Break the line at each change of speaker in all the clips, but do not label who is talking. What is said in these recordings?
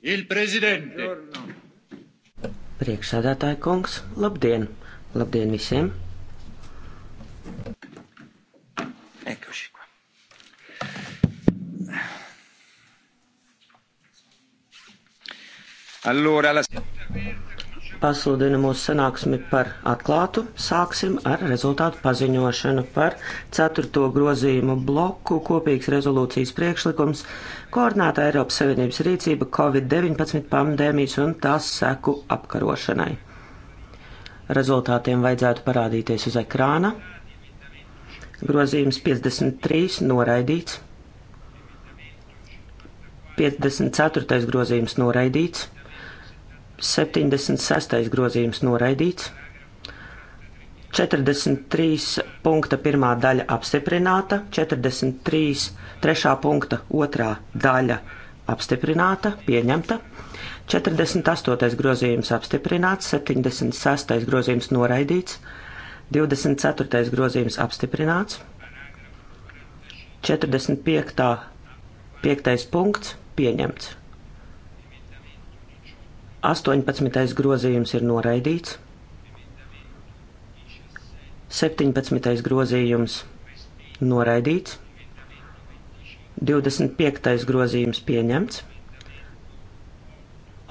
Il prezidente!
Priekšsēdētāja kungs, labdien! Labdien visiem! Eccoci qua. Allora, la pasludinu mūsu sanāksmi par atklātu. Sāksim ar rezultātu paziņošanu par ceturto grozījumu bloku kopīgs rezolūcijas priekšlikums - koordinēta Eiropas Savienības rīcība Covid-19 pandēmijas un tās seku apkarošanai. Rezultātiem vajadzētu parādīties uz ekrāna. Grozījums 53 noraidīts. 54. grozījums noraidīts. 76. grozījums noraidīts, 43. punkta pirmā daļa apstiprināta, 43. trešā punkta otrā daļa apstiprināta, pieņemta, 48. grozījums apstiprināts, 76. grozījums noraidīts, 24. grozījums apstiprināts, 45. 5. punkts pieņemts. 18. grozījums ir noraidīts. 17. grozījums noraidīts. 25. grozījums pieņemts.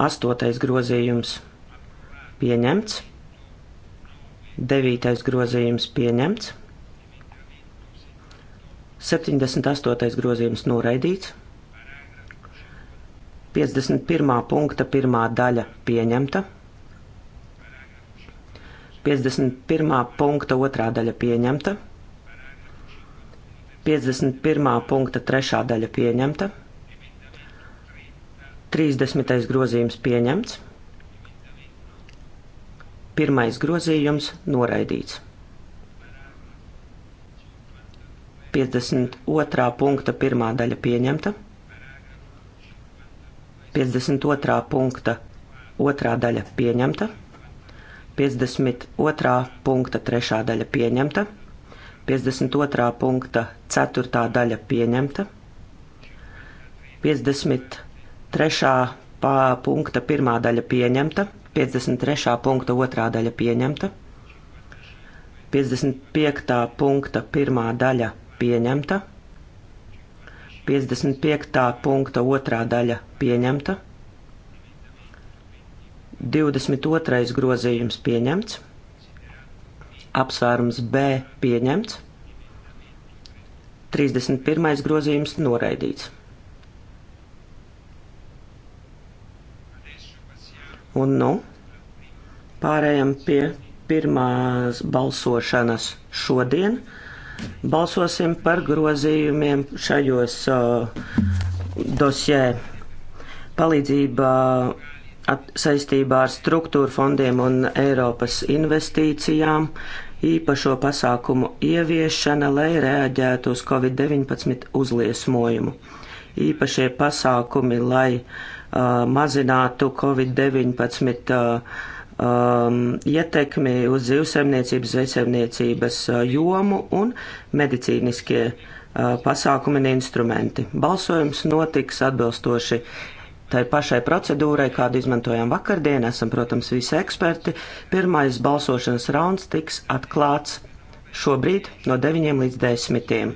8. grozījums pieņemts. 9. grozījums pieņemts. 78. grozījums noraidīts. 51. punkta pirmā daļa pieņemta. 51. punkta otrā daļa pieņemta. 51. punkta trešā daļa pieņemta. 30. grozījums pieņemts. 1. grozījums noraidīts. 52. punkta pirmā daļa pieņemta. 52. punkta otrā daļa pieņemta, 52. punkta trešā daļa pieņemta, 52. punkta ceturtā daļa pieņemta, 53. punkta pirmā daļa pieņemta, 53. punkta otrā daļa pieņemta, 55. punkta pirmā daļa pieņemta, 55. punkta otrā daļa pieņemta. 22. grozījums pieņemts. Apsvērums B pieņemts. 31. grozījums noraidīts. Un nu pārējām pie pirmās balsošanas šodien balsosim par grozījumiem šajos uh, dosjē palīdzībā at, saistībā ar struktūru fondiem un Eiropas investīcijām, īpašo pasākumu ieviešana, lai reaģētu uz Covid-19 uzliesmojumu. Īpašie pasākumi, lai uh, mazinātu Covid-19 uh, um, ietekmi uz zivsaimniecības, zvejsaimniecības uh, jomu un medicīniskie uh, pasākumi un instrumenti. Balsojums notiks atbilstoši tai pašai procedūrai, kādu izmantojām vakardien. Esam, protams, visi eksperti. Pirmais balsošanas rauns tiks atklāts šobrīd no 9 līdz 10.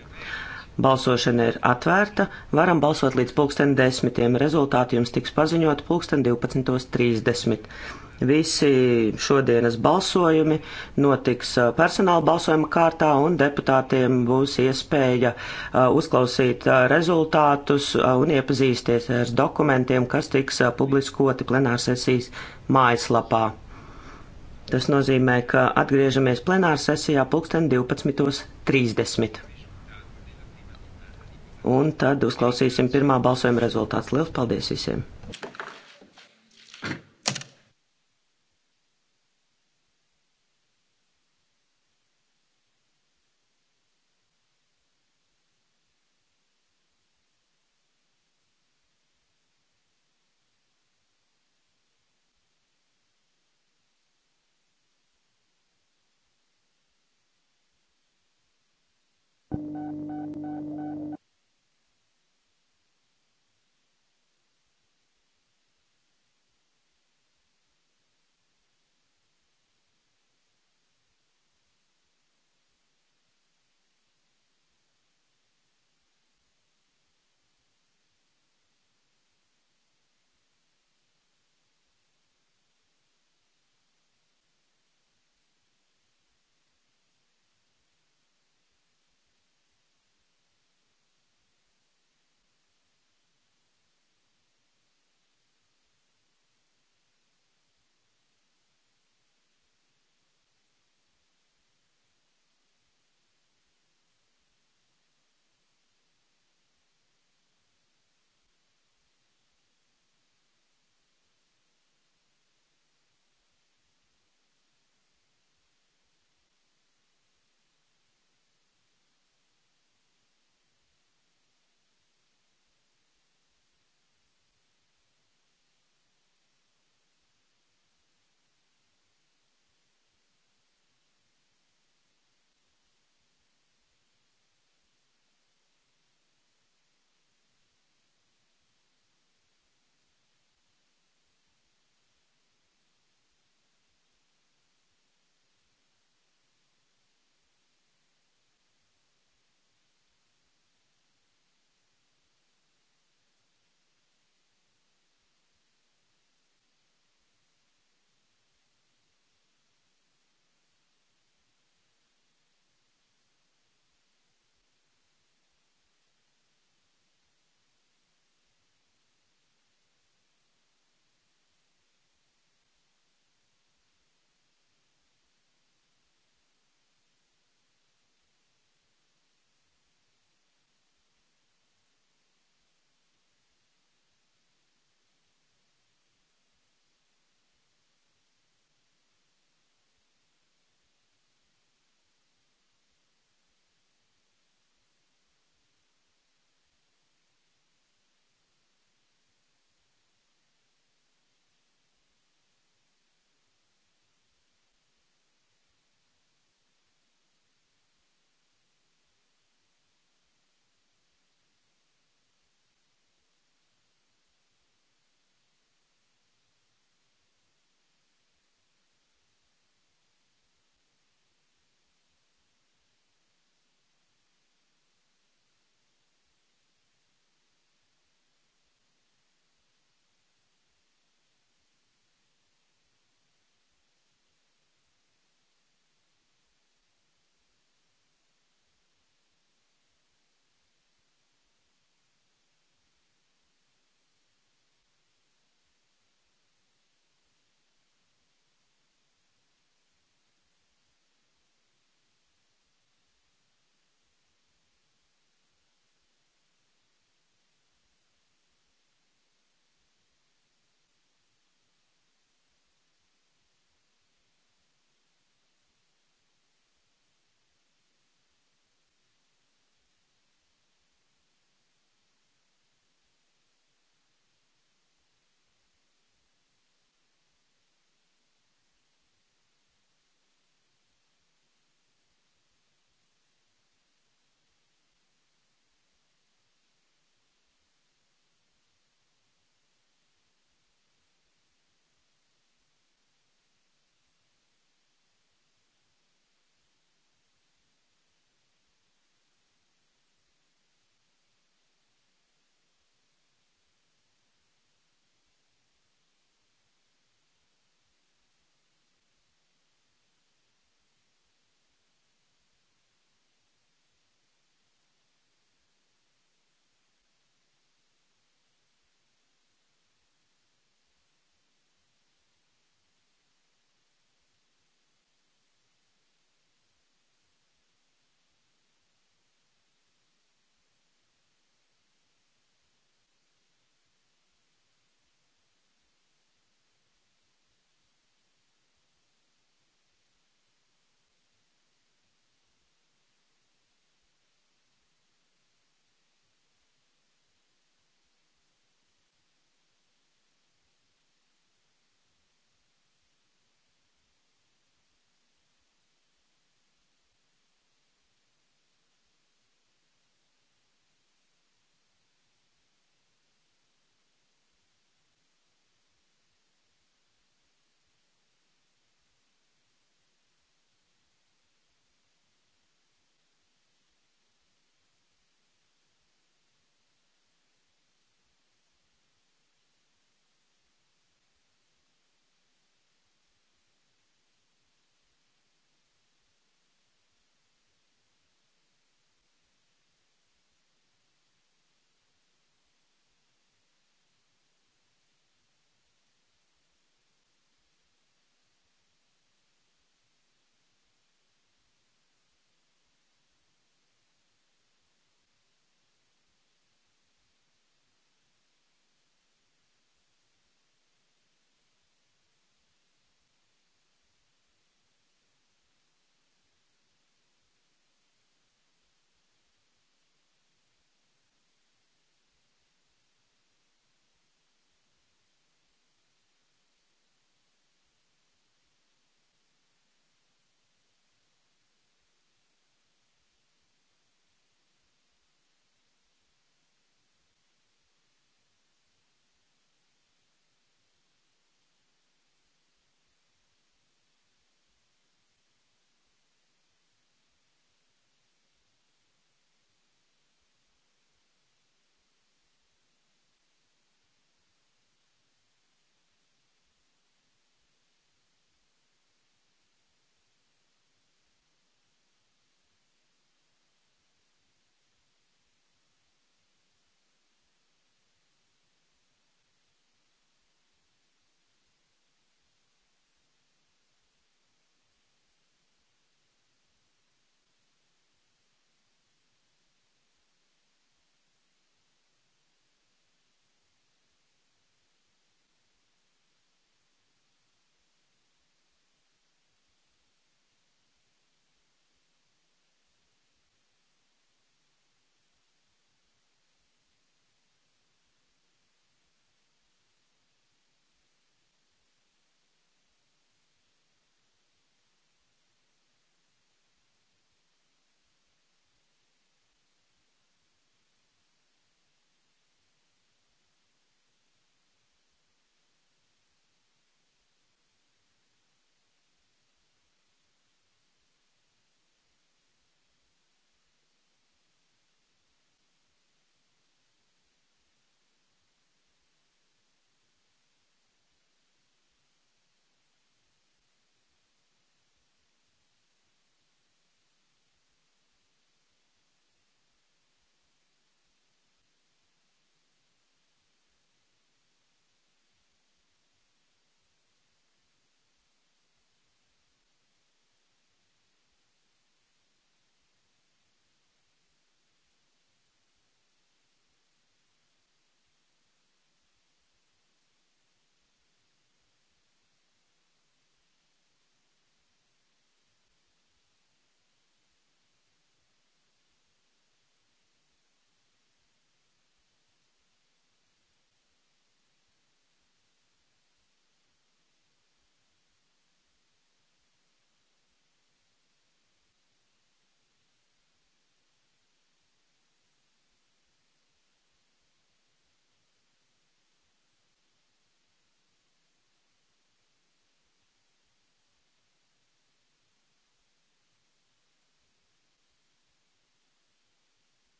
Balsošana ir atvērta, varam balsot līdz pulksten desmitiem. Rezultāti jums tiks paziņot pulksten 12.30. Visi šodienas balsojumi notiks uh, personāla balsojuma kārtā, un deputātiem būs iespēja uh, uzklausīt uh, rezultātus un iepazīsties ar dokumentiem, kas tiks publiskoti plenārsesijas mājaslapā. Tas nozīmē, ka atgriežamies plenārsesijā pulksten 12.30. Un tad uzklausīsim pirmā balsojuma rezultāts. Lielas paldies visiem!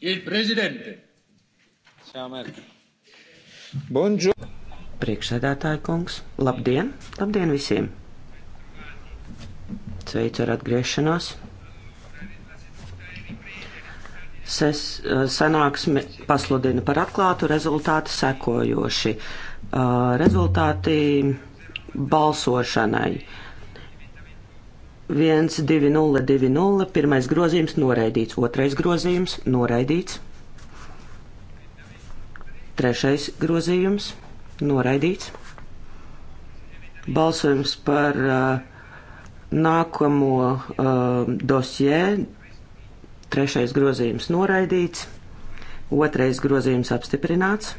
Il prezidente. Ciao, Merkel.
Bonjour. Priekšsēdētāja kungs, labdien! Labdien visiem! Sveicu ar atgriešanos! Ses, eh, sanāksme pasludina par atklātu rezultātu sekojoši. Eh, rezultāti balsošanai. 1220, pirmais grozījums noraidīts, otrais grozījums noraidīts, trešais grozījums noraidīts. Balsojums par uh, nākamo uh, dosjē, trešais grozījums noraidīts, otrais grozījums apstiprināts,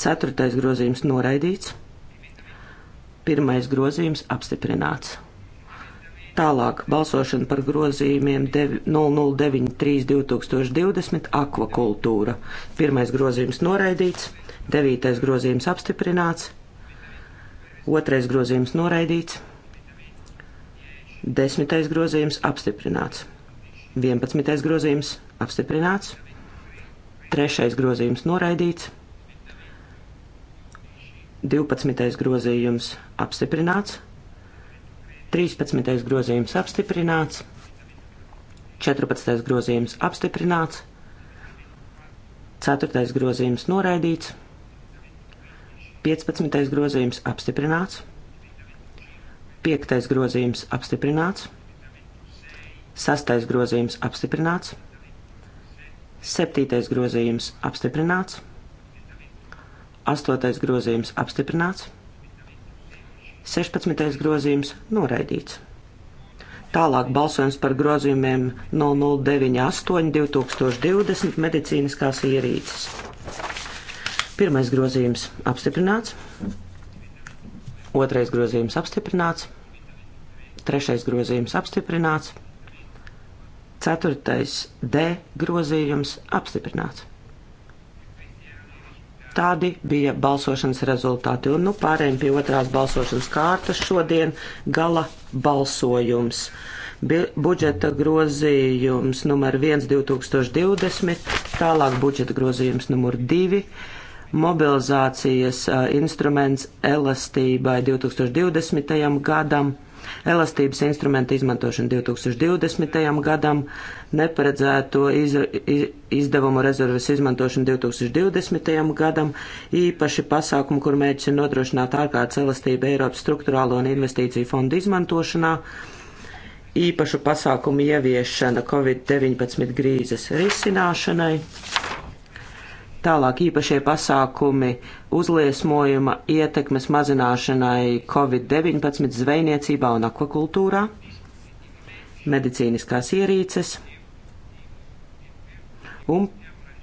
ceturtais grozījums noraidīts, pirmais grozījums apstiprināts. Tālāk balsošana par grozījumiem 0093-2020 akvakultūra. Pirmais grozījums noraidīts, devītais grozījums apstiprināts, otrais grozījums noraidīts, desmitais grozījums apstiprināts, vienpadsmitais grozījums apstiprināts, trešais grozījums noraidīts, divpadsmitais grozījums apstiprināts. 13. grozījums apstiprināts, 14. grozījums apstiprināts, 4. grozījums noraidīts, 15. grozījums apstiprināts, 5. grozījums apstiprināts, 6. grozījums apstiprināts, 7. grozījums apstiprināts, 8. grozījums apstiprināts. 16. grozījums noraidīts. Tālāk balsojums par grozījumiem 0098 2020 medicīniskās ierīces. Pirmais grozījums apstiprināts, otrais grozījums apstiprināts, trešais grozījums apstiprināts, ceturtais D grozījums apstiprināts. Tādi bija balsošanas rezultāti. Un nu pārējiem pie otrās balsošanas kārtas šodien gala balsojums. Bi budžeta grozījums numur 1 2020, tālāk budžeta grozījums numur 2 mobilizācijas uh, instruments elastībai 2020. gadam, elastības instrumenta izmantošana 2020. gadam, neparedzēto iz, izdevumu rezerves izmantošanu 2020. gadam, īpaši pasākumu, kur mērķis ir nodrošināt ārkārtas elastību Eiropas struktūrālo un investīciju fondu izmantošanā, īpašu pasākumu ieviešana Covid-19 grīzes risināšanai. Tālāk īpašie pasākumi uzliesmojuma ietekmes mazināšanai Covid-19 zvejniecībā un akvakultūrā, medicīniskās ierīces, Un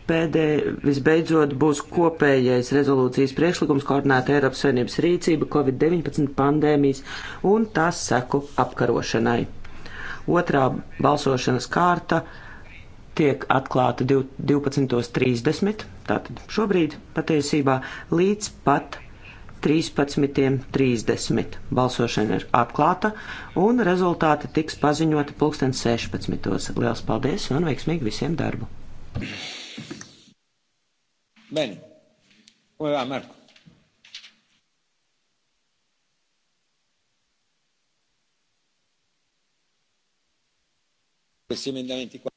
pēdē, visbeidzot, būs kopējais rezolūcijas priekšlikums koordinēta Eiropas Savienības rīcība Covid-19 pandēmijas un tās seku apkarošanai. Otrā balsošanas kārta tiek atklāta 12.30, tātad šobrīd patiesībā līdz pat 13.30. Balsošana ir atklāta un rezultāti tiks paziņoti pulksten 16. Liels paldies un veiksmīgi visiem darbu!
Bene. Come va Marco? Questi emendamenti qua.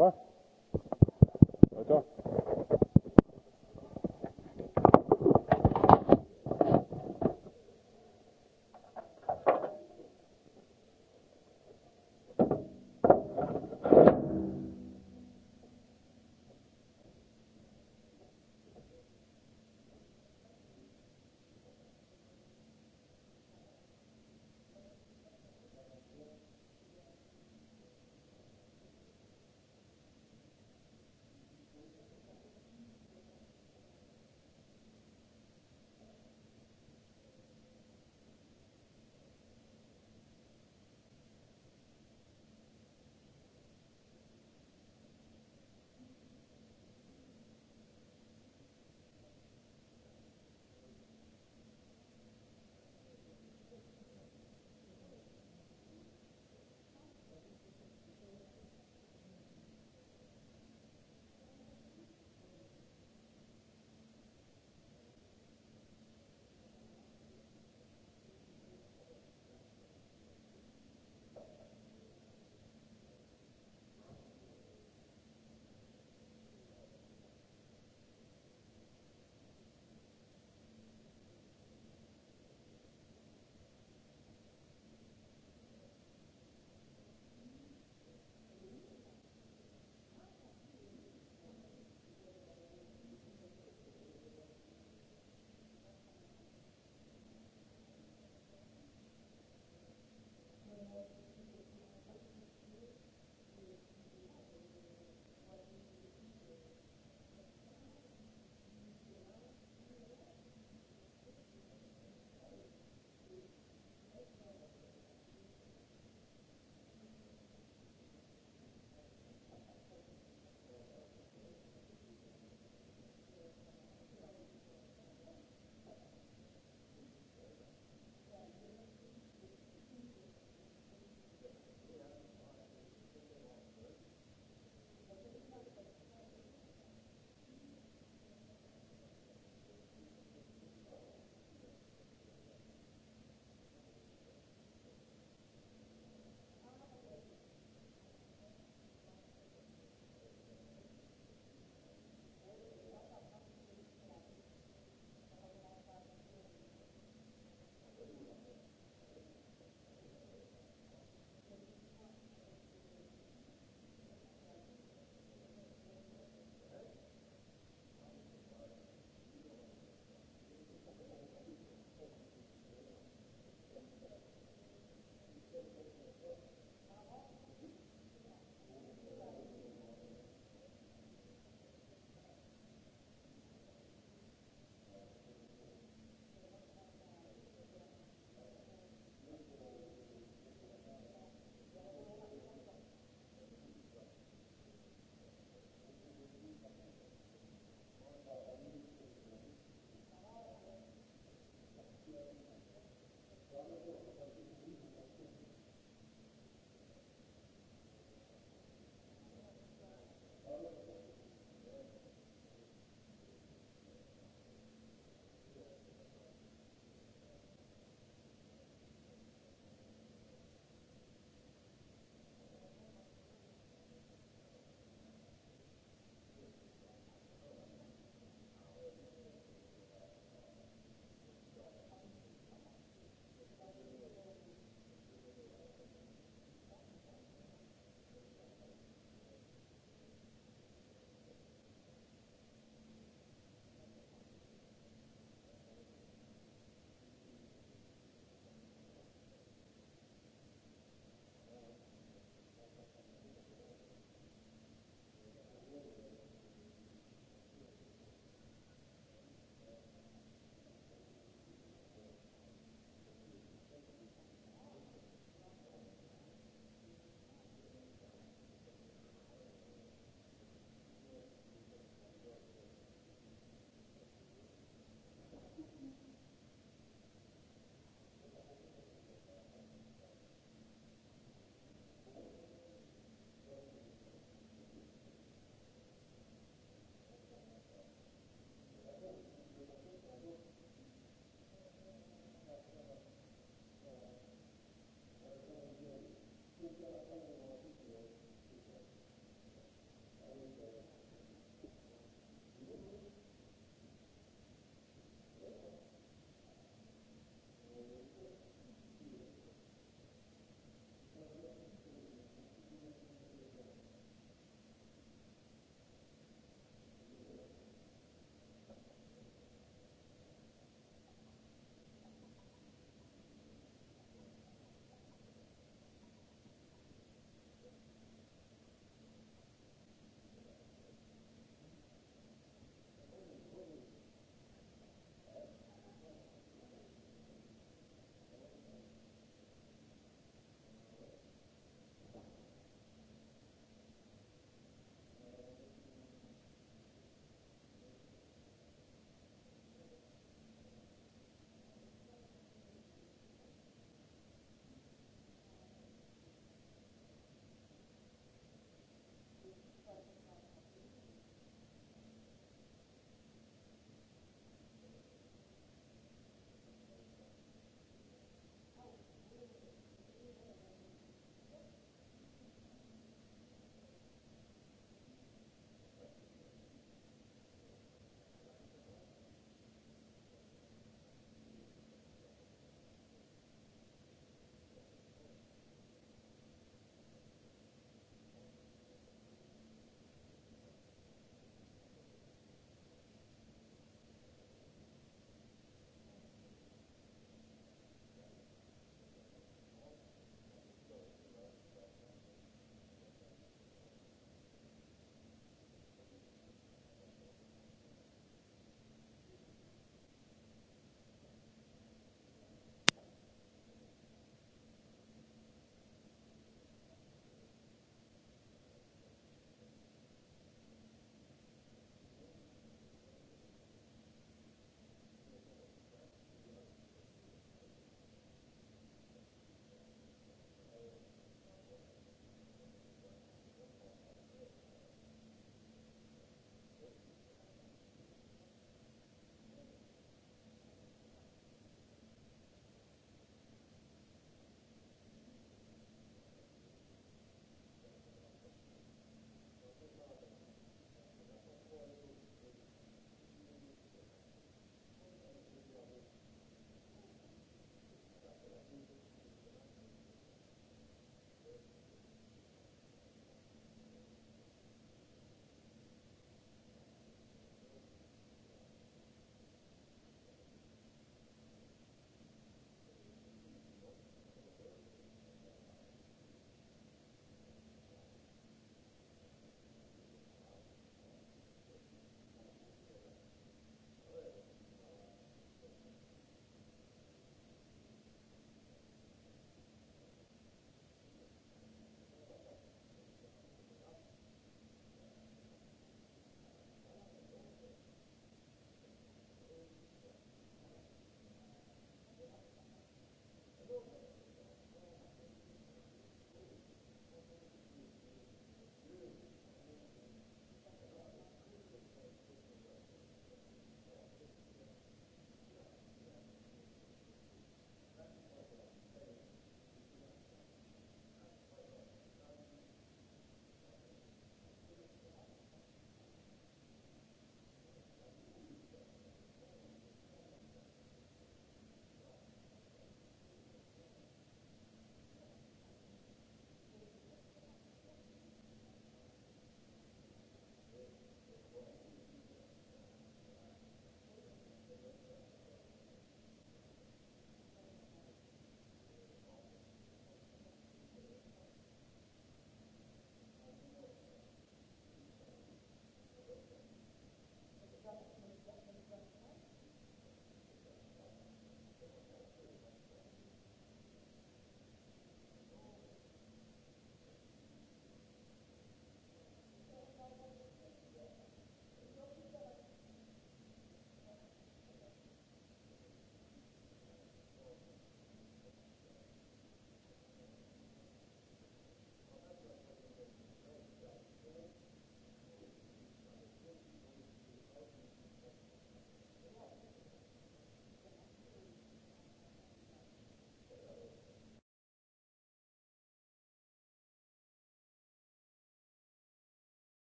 va? Vai tā?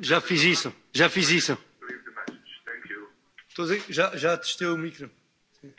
Já fiz isso, já fiz isso. Estou a dizer, já, já testei o micro. Sim.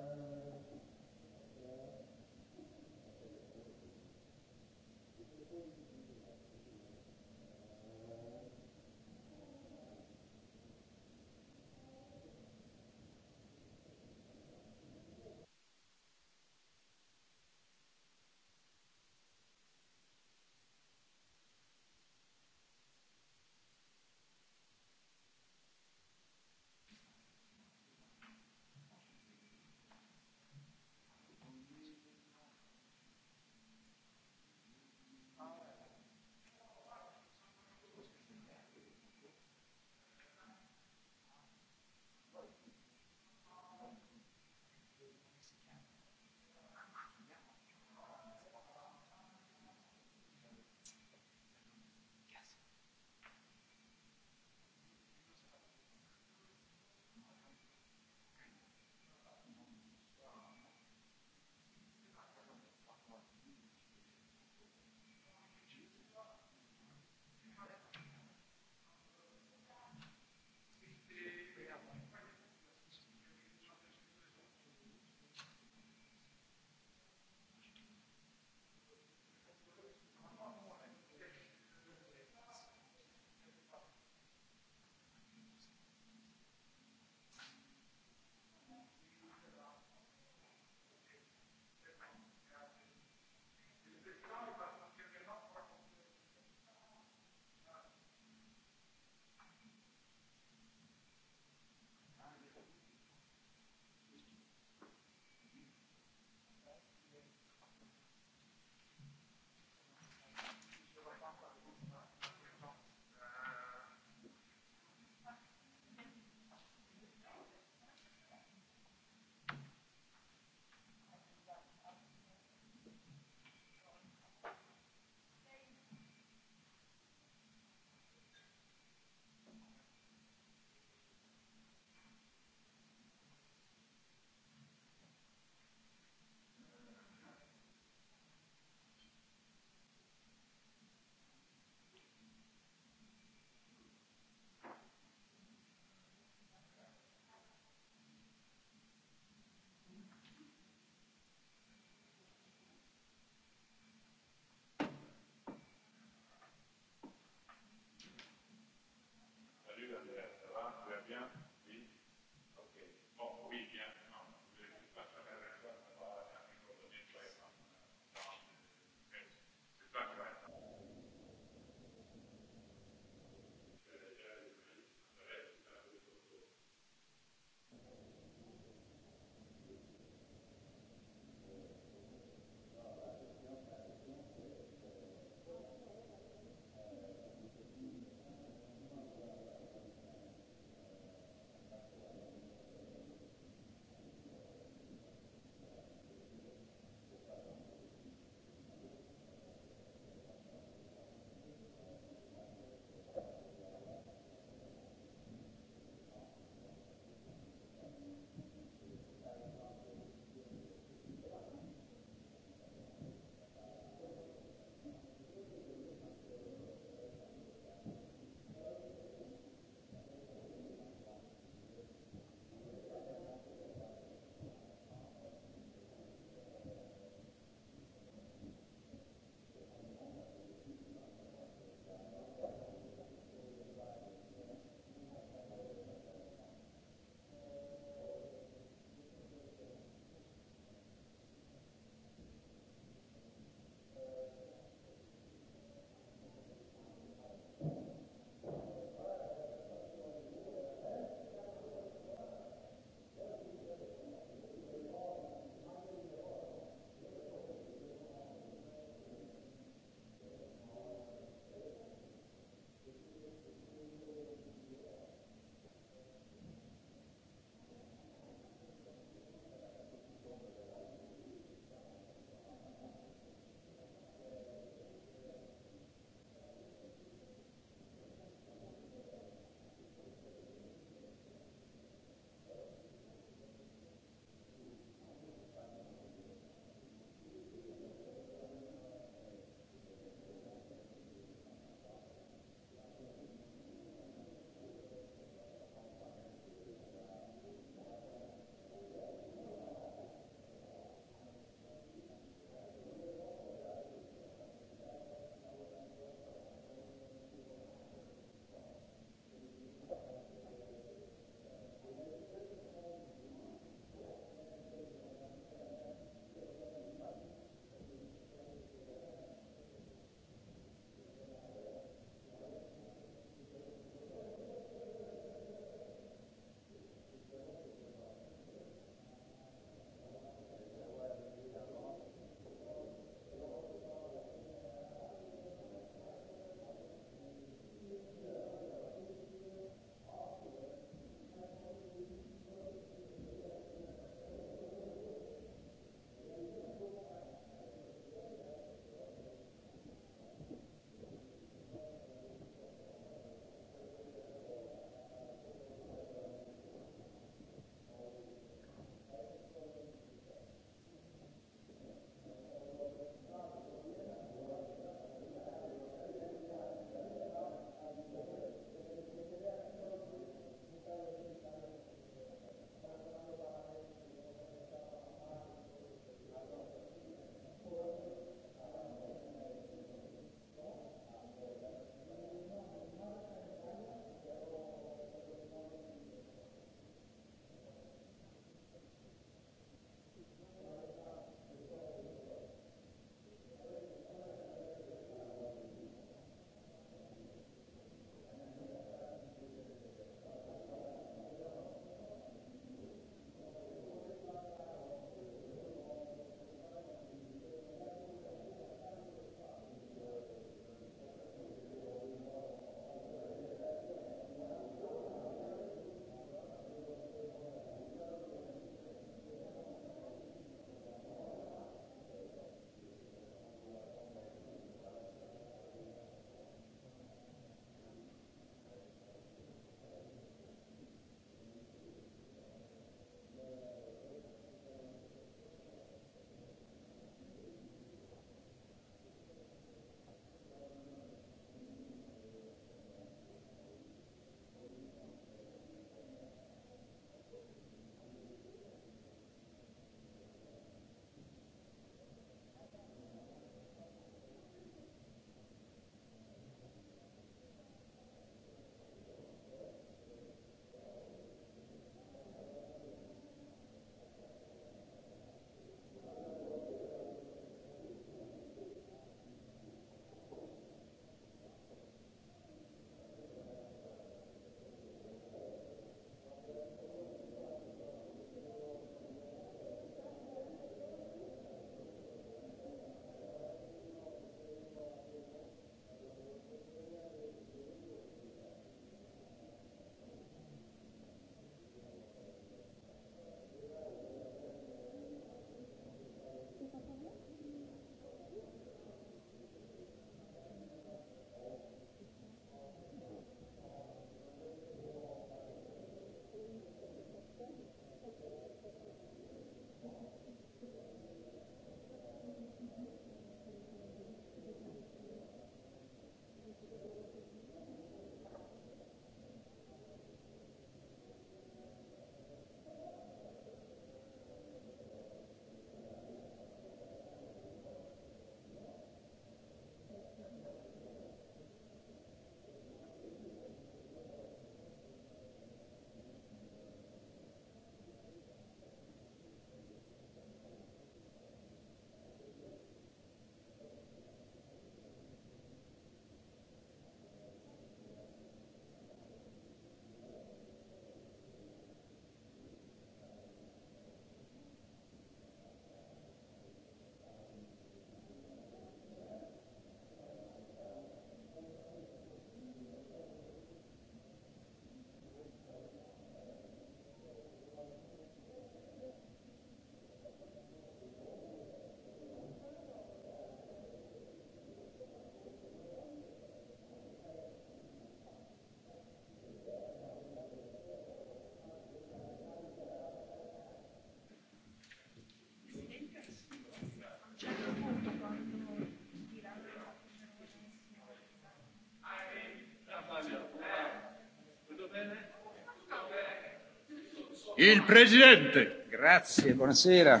Il presidente! Grazie, buonasera!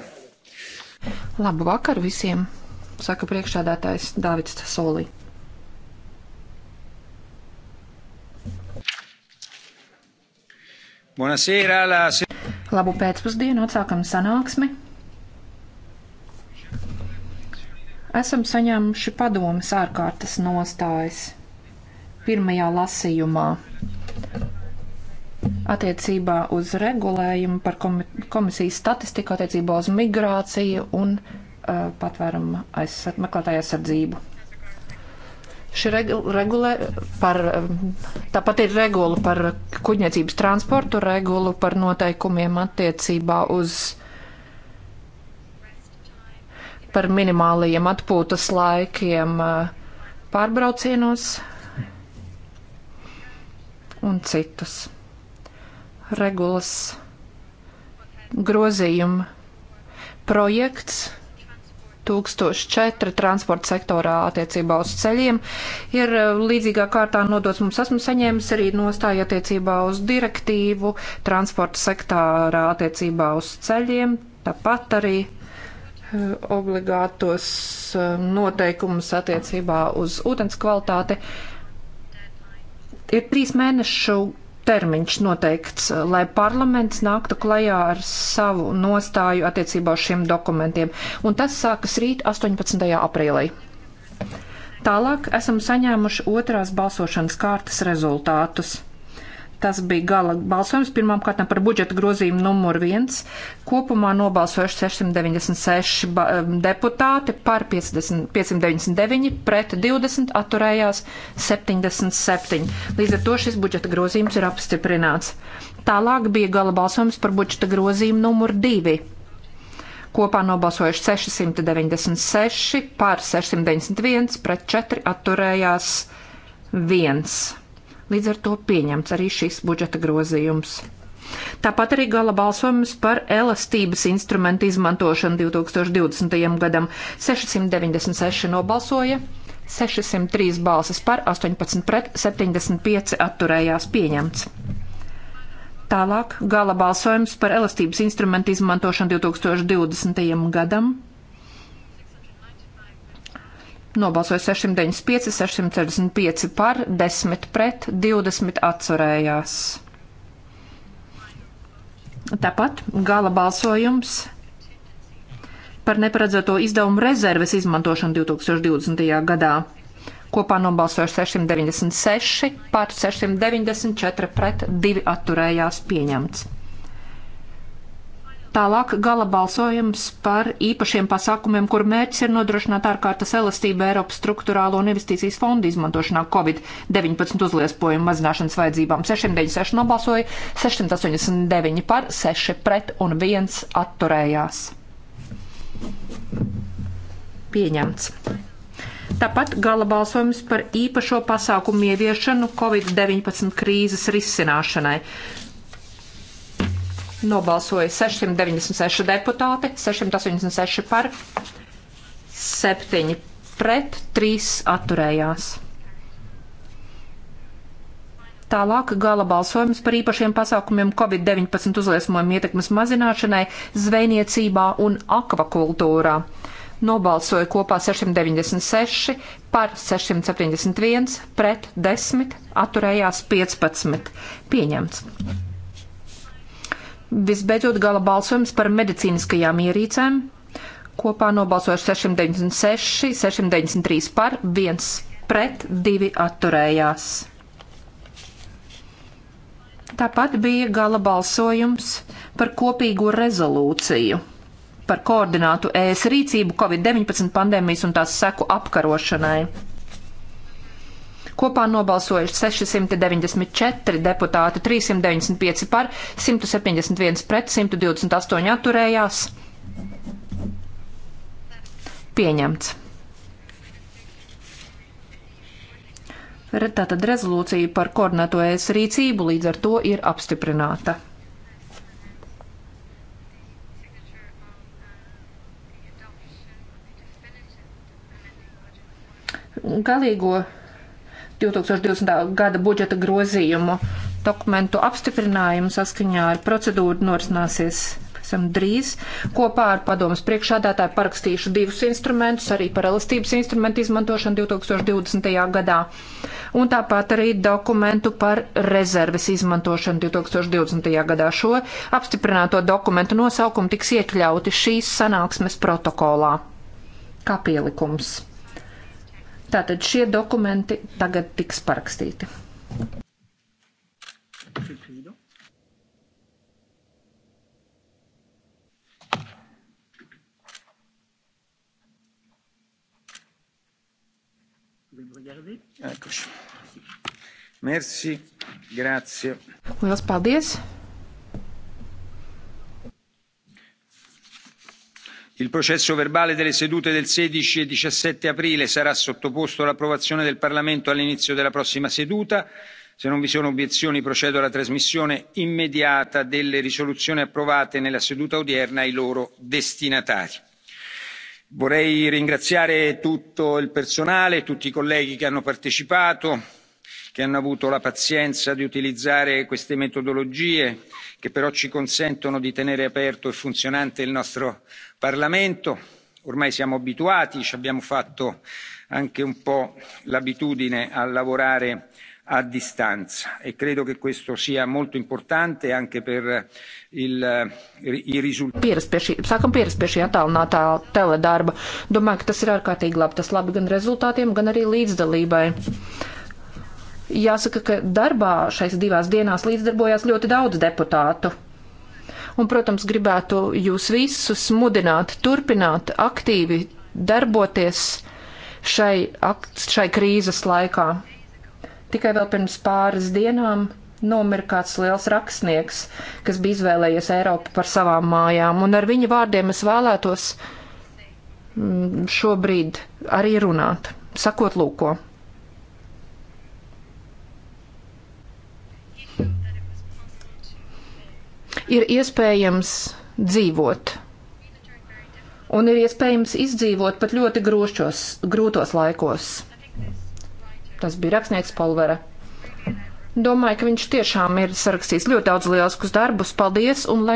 Labu vakaru visiem, saka priekšādātājs Dāvids Solī.
Buonasera, la...
Labu pēcpusdienu, atsākam sanāksmi. Esam saņēmuši padomas ārkārtas nostājas pirmajā lasījumā attiecībā uz regulējumu par komisijas statistiku attiecībā uz migrāciju un uh, patvērumu aizsard, meklētāju aizsardzību. Šī regula par, um, tāpat ir regula par kuģniecības transportu, regula par noteikumiem attiecībā uz par minimālajiem atpūtas laikiem uh, pārbraucienos un citus regulas grozījuma projekts 1004 transporta sektorā attiecībā uz ceļiem ir e, līdzīgā kārtā nodots mums. Esmu saņēmis arī nostāju attiecībā uz direktīvu transporta sektorā attiecībā uz ceļiem, tāpat arī e, obligātos e, noteikumus attiecībā uz ūdens kvalitāti. Ir trīs mēnešu termiņš noteikts, eh, lai parlaments nāktu klajā ar savu nostāju attiecībā uz šiem dokumentiem. Un tas sākas rīt 18. aprīlī. Tālāk esam saņēmuši otrās balsošanas kārtas rezultātus. Tas bija gala balsojums pirmām kārtām par budžeta grozījumu numur viens. Kopumā nobalsojuši 696 deputāti par 50, 599, pret 20 atturējās 77. Līdz ar to šis budžeta grozījums ir apstiprināts. Tālāk bija gala balsojums par budžeta grozījumu numur divi. Kopā nobalsojuši 696 par 691, pret 4 atturējās 1. Līdz ar to pieņemts arī šis budžeta grozījums. Tāpat arī gala balsojums par elastības instrumentu izmantošanu 2020. gadam 696 nobalsoja. 603 balsis par, 18 pret, 75 atturējās pieņemts. Tālāk gala balsojums par elastības instrumentu izmantošanu 2020. gadam Nobalsoja 695, 665 par, 10 pret, 20 atcerējās. Tāpat gala balsojums par neparedzēto izdevumu rezerves izmantošanu 2020. gadā. Kopā nobalsoja 696 par 694 pret, 2 atturējās pieņemts. Tālāk gala balsojums par īpašiem pasākumiem, kur mērķis ir nodrošināt ārkārtas elastību Eiropas struktūrālo un investīcijas fondu izmantošanā Covid-19 uzliespojumu mazināšanas vajadzībām. 696 nobalsoja, 689 par, 6 pret un 1 atturējās. Pieņemts. Tāpat gala balsojums par īpašo pasākumu ieviešanu Covid-19 krīzes risināšanai. Nobalsoja 696 deputāti, 686 par, 7 pret, 3 atturējās. Tālāk gala balsojums par īpašiem pasākumiem Covid-19 uzliesmojumu ietekmes mazināšanai zvejniecībā un akvakultūrā. Nobalsoja kopā 696, par 671, pret 10, atturējās 15. Pieņemts. Visbeidzot, gala balsojums par medicīniskajām ierīcēm. Kopā nobalsojuši 696, 693 par, 1 pret, 2 atturējās. Tāpat bija gala balsojums par kopīgo rezolūciju par koordinātu ēs rīcību Covid-19 pandēmijas un tās seku apkarošanai. Kopā nobalsojuši 694 deputāti, 395 par, 171 pret, 128 atturējās. Pieņemts. Tātad rezolūcija par koordinētojas rīcību līdz ar to ir apstiprināta. Galīgo 2020. gada budžeta grozījumu dokumentu apstiprinājumu saskaņā ar procedūru norisināsies pavisam drīz. Kopā ar padomus priekšādātāju parakstīšu divus instrumentus, arī par elastības instrumentu izmantošanu 2020. gadā. Un tāpat arī dokumentu par rezerves izmantošanu 2020. gadā. Šo apstiprināto dokumentu nosaukumu tiks iekļauti šīs sanāksmes protokolā. Kā pielikums. Tātad šie dokumenti tagad tiks parakstīti.
Merci. Grazie.
Lielas paldies!
il processo verbale delle sedute del sedici e diciassette aprile sarà sottoposto all'approvazione del parlamento all'inizio della prossima seduta. se non vi sono obiezioni procedo alla trasmissione immediata delle risoluzioni approvate nella seduta odierna ai loro destinatari. vorrei ringraziare tutto il personale tutti i colleghi che hanno partecipato che hanno avuto la pazienza di utilizzare queste metodologie che però ci consentono di tenere aperto e funzionante il nostro parlamento ormai siamo abituati ci abbiamo fatto anche un po' l'abitudine a lavorare a distanza e credo che questo sia molto importante anche per il, i risultati.
Sākam pierast pie šī attālinātā teledarba. Domāju, ka tas ir ārkārtīgi labi. Tas labi gan rezultātiem, gan arī līdzdalībai. Jāsaka, ka darbā šais divās dienās līdzdarbojās ļoti daudz deputātu. Un, protams, gribētu jūs visus mudināt, turpināt aktīvi darboties šai, šai krīzes laikā. Tikai vēl pirms pāris dienām nomira kāds liels rakstnieks, kas bija izvēlējies Eiropu par savām mājām, un ar viņa vārdiem es vēlētos mm, šobrīd arī runāt, sakot lūko. ir iespējams dzīvot. Un ir iespējams izdzīvot pat ļoti grūšos, grūtos laikos. Tas bija rakstnieks Polvera. Domāju, ka viņš tiešām ir sarakstījis ļoti daudz lieliskus darbus. Paldies!